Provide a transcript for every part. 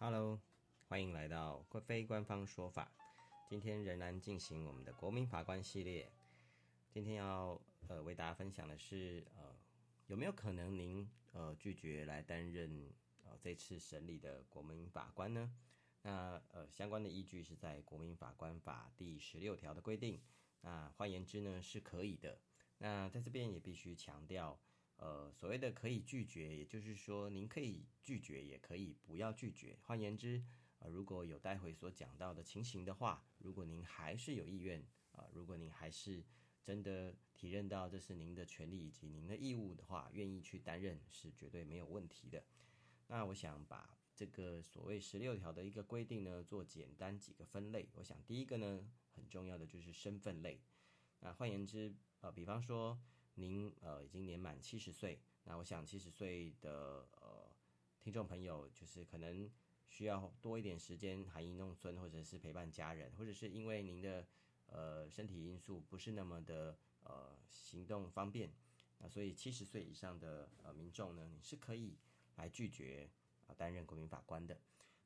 Hello，歡迎來到非官方說法。今天仍然進行我們的國民法官系列。今天要呃為大家分享的是呃有沒有可能您呃拒絕來擔任呃這次審理的國民法官呢？那呃相關的依據是在《國民法官法》第十六條的規定。那換言之呢，是可以的。那在這邊也必須強調。呃，所謂的可以拒絕，也就是說，您可以拒絕，也可以不要拒絕。換言之，啊、呃，如果有待會所講到的情形的話，如果您還是有意願，啊、呃，如果您還是真的體認到這是您的權利以及您的義務的話，願意去擔任是絕對沒有問題的。那我想把這個所謂十六條的一個規定呢，做簡單幾個分類。我想第一個呢，很重要的就是身份類。啊，那換言之，啊、呃，比方說。您呃已經年滿七十歲，那我想七十歲的呃聽眾朋友就是可能需要多一點時間含飴弄孫，或者是陪伴家人，或者是因為您的呃身體因素不是那麼的呃行動方便，那所以七十歲以上的呃民眾呢，你是可以來拒絕，呃，擔任國民法官的。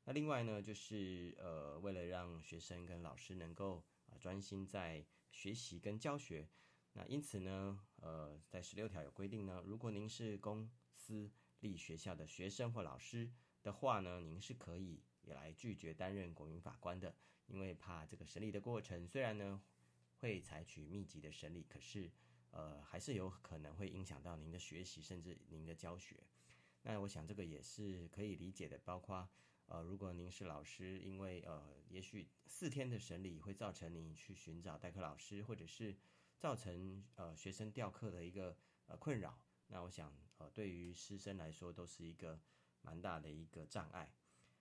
那另外呢，就是呃為了讓學生跟老師能夠，呃，專心在學習跟教學。那因此呢，呃，在十六條有規定呢，如果您是公私立學校的學生或老師的話呢，您是可以也來拒絕擔任國民法官的，因為怕這個審理的過程雖然呢會採取密集的審理，可是呃還是有可能會影響到您的學習甚至您的教學。那我想這個也是可以理解的。包括呃，如果您是老師，因為呃，也許四天的審理會造成您去尋找代課老師或者是。造成呃學生調課的一個呃困擾，那我想呃對於師生來說都是一個蠻大的一個障礙。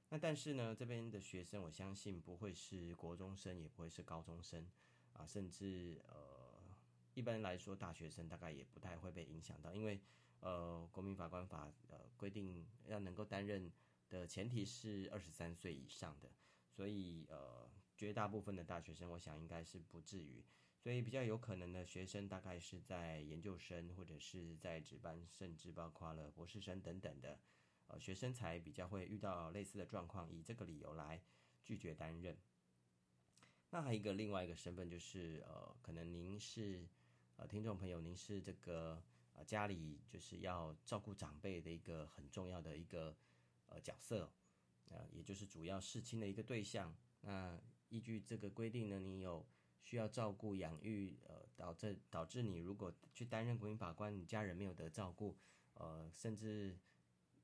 那但是呢，這邊的學生我相信不會是國中生，也不會是高中生啊，甚至呃一般來說大學生大概也不太會被影響到，因為呃國民法官法呃規定要能夠擔任的前提是二十三歲以上的，所以呃絕大部分的大學生我想應該是不至於。所以比較有可能的學生，大概是在研究生或者是在職班，甚至包括了博士生等等的，呃，學生才比較會遇到類似的狀況，以這個理由來拒絕擔任。那還有一個另外一個身份就是，呃，可能您是呃聽眾朋友，您是這個呃家裡就是要照顧長輩的一個很重要的一個呃角色，呃，也就是主要侍親的一個對象。那依據這個規定呢，你有。需要照顧、養育，呃，導致導致你如果去擔任國民法官，你家人沒有得照顧，呃，甚至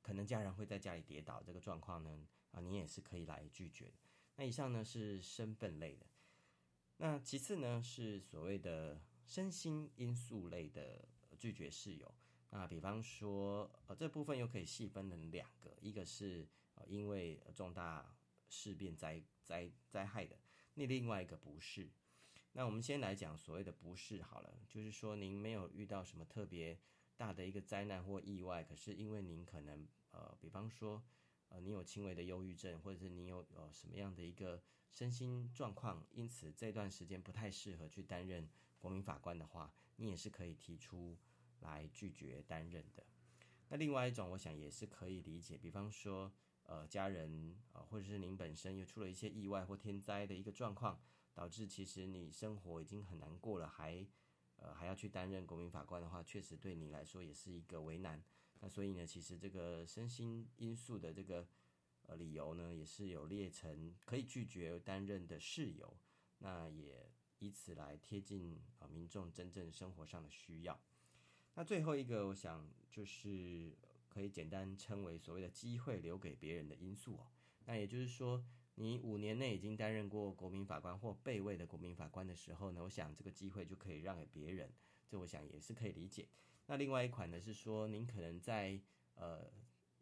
可能家人會在家裡跌倒，這個狀況呢，啊、呃，你也是可以來拒絕的。那以上呢是身份類的，那其次呢是所謂的身心因素類的拒絕事由。那比方說，呃，這部分又可以細分成兩個，一個是、呃、因為重大事變災災災害的，那另外一個不是。那我們先來講所謂的不適好了，就是說您沒有遇到什麼特別大的一個災難或意外，可是因為您可能呃，比方說呃，你有輕微的憂鬱症，或者是你有呃什麼樣的一個身心狀況，因此這段時間不太適合去擔任國民法官的話，你也是可以提出來拒絕擔任的。那另外一種，我想也是可以理解，比方說呃，家人啊、呃，或者是您本身又出了一些意外或天災的一個狀況。導致其實你生活已經很難過了，還，呃，還要去擔任國民法官的話，確實對你來說也是一個為難。那所以呢，其實這個身心因素的這個呃理由呢，也是有列成可以拒絕擔任的事由。那也以此來貼近啊、呃、民眾真正生活上的需要。那最後一個，我想就是可以簡單稱為所謂的機會留給別人的因素哦。那也就是說。你五年內已經擔任過國民法官或備位的國民法官的時候呢，我想這個機會就可以讓給別人，這我想也是可以理解。那另外一款呢是說，您可能在呃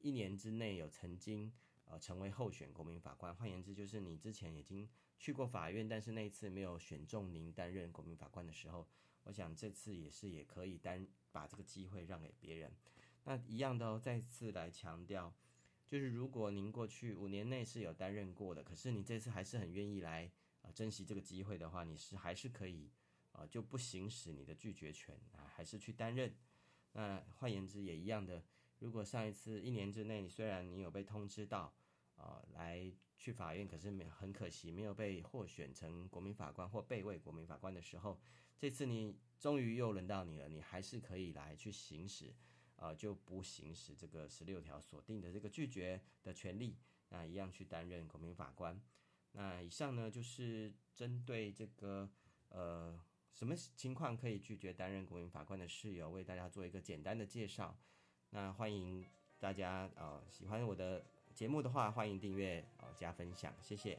一年之內有曾經呃成為候選國民法官，換言之就是你之前已經去過法院，但是那一次沒有選中您擔任國民法官的時候，我想這次也是也可以擔把這個機會讓給別人。那一樣的哦，再次來強調。就是如果您過去五年內是有擔任過的，可是你這次還是很願意來啊、呃、珍惜這個機會的話，你是還是可以啊、呃、就不行使你的拒絕權啊，還是去擔任。那換言之也一樣的，如果上一次一年之內，你雖然你有被通知到啊、呃、來去法院，可是沒很可惜沒有被獲選成國民法官或備位國民法官的時候，這次你終於又輪到你了，你還是可以來去行使，啊、呃，就不行使這個十六條所定的這個拒絕的權利，啊，一樣去擔任國民法官。那以上呢就是針對這個呃什麼情況可以拒絕擔任國民法官的事由，為大家做一個簡單的介紹。那歡迎大家啊、呃，喜歡我的節目的話，歡迎訂閱、呃、加分享，謝謝。